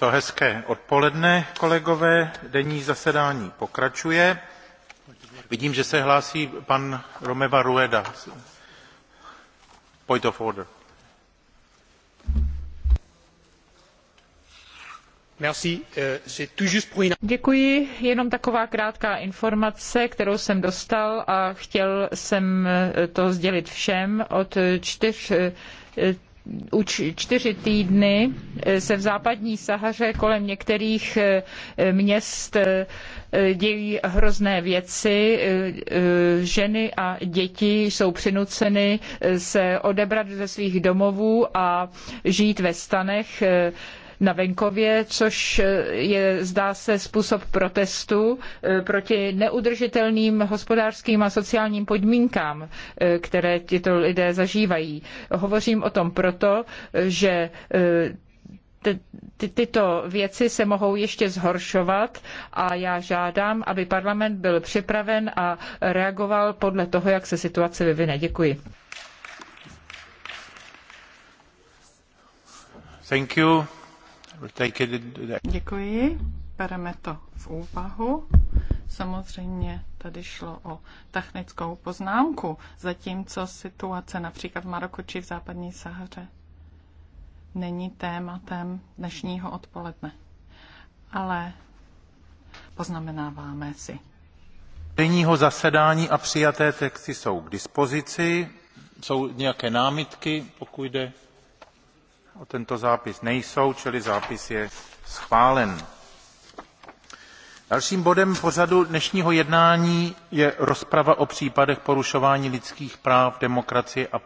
So, hezké odpoledne, kolegové. Denní zasedání pokračuje. Vidím, že se hlásí pan Romeva Rueda. Point of order. Euh, Děkuji. Jenom taková krátká informace, kterou jsem dostal a chtěl jsem eh, to sdělit všem. Od čtyř eh, už čtyři týdny eh, se v západní Sahaře kolem některých eh, eh, měst dějí hrozné věci. Ženy a děti jsou přinuceny se odebrat ze svých domovů a žít ve stanech na venkově, což eh, je, zdá se, způsob protestu eh, proti neudržitelným hospodářským a sociálním podmínkám, eh, které tito lidé zažívají. Hovořím o tom proto, že ty, ty, tyto věci se mohou ještě zhoršovat a já žádám, aby parlament byl připraven a reagoval podle toho, jak se situace vyvine. Děkuji. Thank you. Děkuji, bereme to v úvahu. Samozřejmě tady šlo o technickou poznámku, zatímco situace například v Maroku či v západní Sahaře není tématem dnešního odpoledne. Ale poznamenáváme si. Denního zasedání a přijaté texty jsou k dispozici. Jsou nějaké námitky, pokud jde o tento zápis nejsou, čili zápis je schválen. Dalším bodem pořadu dnešního jednání je rozprava o případech porušování lidských práv, demokracie a